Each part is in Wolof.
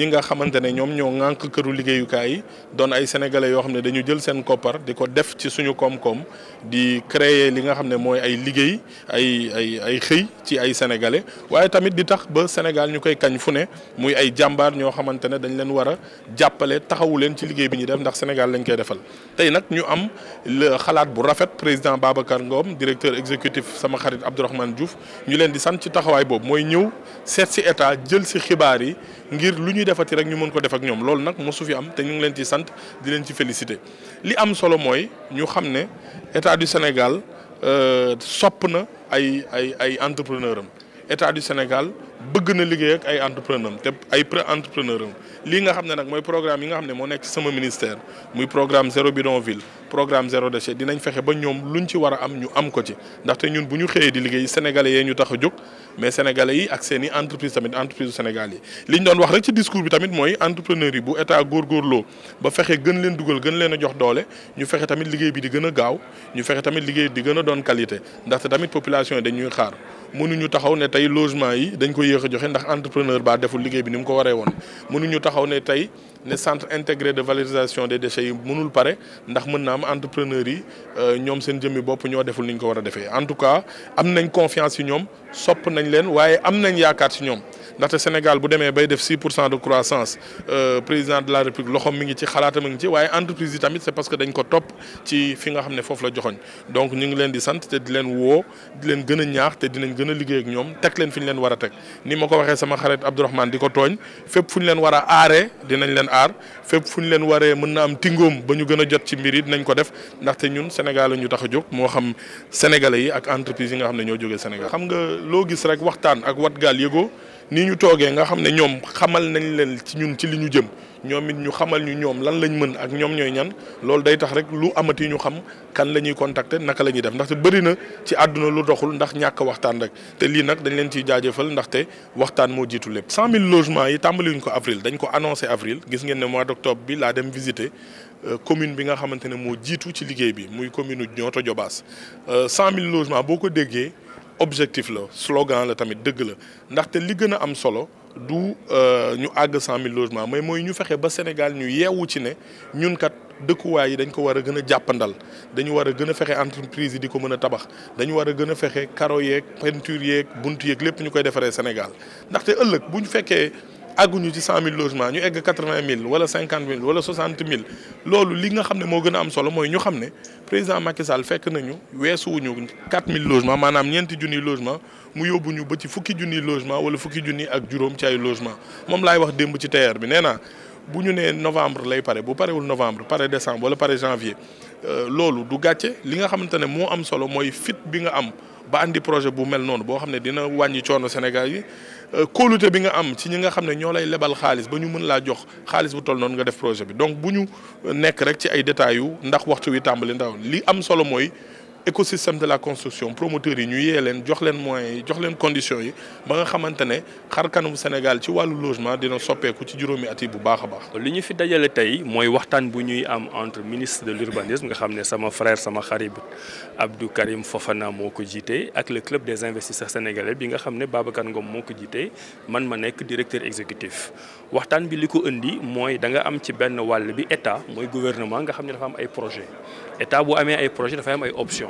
ñi nga xamantene ñom ñoo ngank keuru liggéeyukaay yi doon ay sénégalais yo xamné dañu jël sen copar diko def ci suñu kom kom di créer li nga xamné moy ay liggéey ay ay ay xey ci ay sénégalais waye tamit di tax ba Sénégal ñukay kañ fu ne muy ay jambar ñoo xamantene dañ leen wara jappalé taxawu leen ci liggéey bi ñuy def ndax Sénégal lañ koy defal. tay nak ñu am le xalaat bu rafet président Babacar Ngom directeur exécutif sama xarit Abdourahmane Diouf ñu leen di sant ci taxaway bob moy ñew set ci état jël ci xibaar yi ngir luñu defati rek ñu mën ko def ak ñom lool nak mosu fi am té ñu ngi leen ci sant di leen ci félicité li am solo moy ñu xamné état du Sénégal euh, sopp na ay ay ay entrepreneuram état du Sénégal bëgg na liggéey ak ay entrepreneuram té ay pré entrepreneuram li nga xamné nak moy programme yi nga xamné mo nekk ci sama ministère muy programme zéro bidon ville programme zéro déchet dinañ fexé ba ñoom luñ ci wara am ñu am ko ci ndaxte ñun buñu ñu di liggéey sénégalais yi ñu tax a mais sénégalais yi ak seen entreprise tamit entreprise Sénégal yi liñ doon wax rek ci discours bi tamit moy entrepreneur yi bu état gor góorgóorloo ba fexé gën leen duggal gën leen jox doole ñu fexé tamit liggéey bi di gëna a gaaw ñu fexé tamit liggéey di gëna doon qualité ndaxte tamit population yi dañuy xaar mënuñu taxaw ne tay logement yi dañ ko yéex a joxe ndax entrepreneur ba deful liggéey bi ni mu ko waree woon mënuñu taxaw ne tay ne centre intégré de valorisation des déchets yi mënul paré ndax mën naa maintenant nous sommes en train de faire ce nous défendre, En tout cas, nous avons confiance en nous. sopp nañ leen waaye am nañ yaakaar ci ñoom ndaxte Sénégal bu demee bay def 6 pour cent de croissance euh, président de la République loxoom mi ngi ci xalaatam a ngi ci waaye entreprise yi tamit c'est parce que dañ ko topp ci fi nga xam ne foofu la joxoñ donc ñu ngi leen di sant te di leen woo di leen gëna a ñaax te dinañ gën a liggéey ak ñoom teg leen fi ñu leen war a teg ni ma ko waxee sama xarit Abdourahmane di ko tooñ fépp fu ñu leen war a aaree dinañ leen aar fépp fu ñu leen waree mën na am tingoom ba ñu gën a jot ci mbir yi dinañ ko def ndaxte ñun Sénégal la ñu tax a moo xam sénégalais yi ak entreprise yi nga xam ne ñoo jógee Sénégal xam nga loo gis rek waxtaan ak wat gaal yëgoo nii ñu toogee nga xam ne ñoom xamal nañ leen ci ñun ci li ñu jëm ñoom it ñu xamal ñu ñoom lan lañ mën ak ñoom ñooy ñan loolu day tax rek lu amati ñu xam kan la ñuy contacter naka la ñuy def ndaxte bëri na ci àdduna lu doxul ndax ñàkk waxtaan rek te lii nag dañ leen ciy jaajëfal ndaxte waxtaan moo jiitu lépp. cent 100000 logements yi tàmbaliwuñ ko avril dañ ko annoncé avril gis ngeen ne mois d' octobre bi laa dem euh, commune bi xamante ne moo jiitu ci liggéey bi muy commune Niotto Diobass 100000 euh, logements boo ko déggee. objectif la slogan la tamit deug la ndax ndaxte li gën am solo du euh, ñu àgg cent mille logements mais moy ñu fexé ba Sénégal ñu yewu ci ne ñun kat dëkkuwaay yi dañ ko wara gëna jappandal dañu wara gëna fexé entreprise di ko mëna tabax dañu wara gëna fexé a fexe carreaux yeeg peinture yeeg bunt yeeg lépp ñu koy Sénégal ndax ëllëg ëlëk buñu fekkee y ci 100 000 logements ñu egg 80 000, wala cinquante 60 wala soixante loolu li nga xam ne moo a am solo mooy ñu xam président Macky Sall fekk nañu 4 000 logements maanaam ñeenti logements. logement mu ba ci fukki wala fukki junni ak juróom ci ay wax ci bu novembre lay pare novembre pare décembre wala janvier euh, loolu du gàcce li nga xamante ne moo am solo mooy fit bi nga am ba andi projet bu mel noonu boo xam ne dina wàññi coono Sénégal yi euh, kóolute bi nga am ci ñi nga xam ne ñoo lay lebal xaalis ba ñu mën laa jox xaalis bu toll noonu nga def projet bi donc bu ñu nekk rek ci ay détails yu ndax waxtu wi tàmbali ndaw li am solo mooy écosystème de la construction promoteurs yi ñu yee leen jox leen moyens yi jox leen conditions yi ba nga xamante ne xar kanum Sénégal ci wàllu logement dina soppeeku ci juróomi at yi bu baax a baax. li ñu fi dajale tey mooy waxtaan bu ñuy am entre ministre de l'urbanisme nga xam ne sama frère sama xarit Abdou Karim Fofana moo ko jiite ak le club des investisseurs sénégalais bi nga xam ne Babacar Ngom moo ko jiite man ma nekk directeur exécutif. waxtaan bi li ko indi mooy da nga am ci benn wàll bi état mooy gouvernement nga xam ne dafa am ay projet état bu amee ay projet dafa am ay option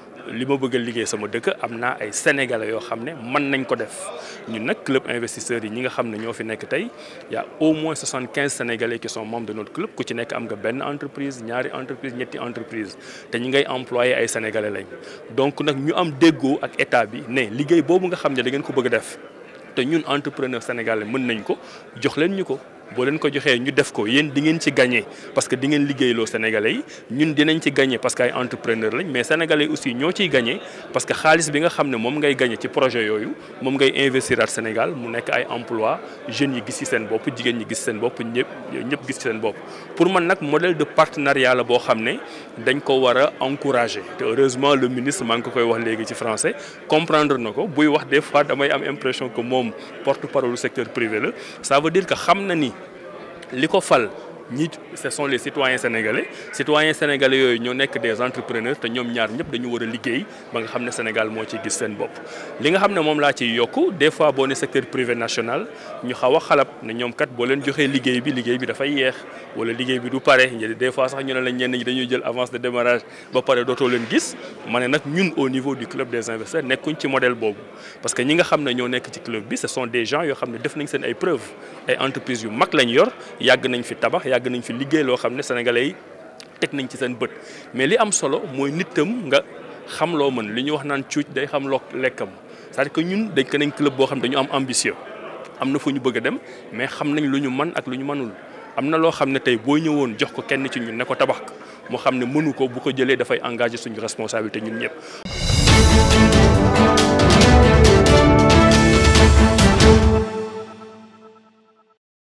lima ma ligue sama dëkk amna ay sénégalais yo xam ne mën nañ ko def ñun club investisseur, yi ñi nga xam ne ñoo fi nekk y' a au moins 75 sénégalais qui sont membres de notre club ku ci nekk am nga benn entreprise ñaari entreprise ñetti entreprise te ñi ngay employé ay sénégalais lañ donc nag ñu am déggoo ak état bi ne ligue boobu nga xam ne da ngeen ko bëgg def te ñun entrepreneur sénégalais mën nañ ko jox leen ko boo ko joxee ñu def ko yéen di ngeen ci gagné parce que di ngeen liggéeyloo sénégalais yi ñun dinañ ci gagné parce que ay entrepreneur lañ mais sénégalais aussi ñoo ciy gagné parce que xaalis bi nga xam ne moom ngay gagné ci projet yooyu moom ngay investir at Sénégal mu nekk ay emploi jeunes yi gis ci seen bopp jigéen ñi gis seen bopp ñëpp ñëpp gis ci seen bopp pour man nag modèle de partenariat la boo xam ne dañ ko war a encourager te heureusement le ministre maa ngi ko koy wax léegi ci français comprendre na ko buy wax des fois damay am impression que moom porte-parole secteur privé la ça veut dire que xam na ni li fal ñi ce sont les citoyens sénégalais citoyens sénégalais yooyu ñoo nekk des entrepreneurs te ñoom ñaar ñëpp dañu war a liggéey ba nga xam Sénégal moo ciy gis seen bopp. li nga xam ne moom laa ciy des fois boo secteur privé national ñu xaw a xalab ne ñoom kat boo leen joxee liggéey bi liggéey bi dafay yeex wala liggéey bi du pare des fois sax ñu ne la ñenn ñi dañuy jël avance de démarrage ba pare dootoo leen gis ma ne nag ñun au niveau du club des investisseurs nekkuñ ci modèle Bob. parce que ñi nga xam ne ñoo nekk ci club bi ce sont des gens yoo xam ne def nañ seen ay preuves ay entreprises yu mag lañ yor yàgg nañ fi tabax yàgg nañ fi liggéey loo xam ne sénégalais yi teg nañ ci seen bët mais li am solo mooy nit nga xam loo mën li ñu wax naan cuuc day xam loo lekkam cest à que ñun dañ ko nañ club boo xam ne dañu am ambition am na fu ñu bëgg a dem mais xam nañ lu ñu mën ak lu ñu mënul am na loo xam ne tey boo ñëwoon jox ko kenn ci ñun ne ko tabax moo xam ne mënu ko bu ko jëlee dafay engagé suñu responsabilité ñun ñëpp.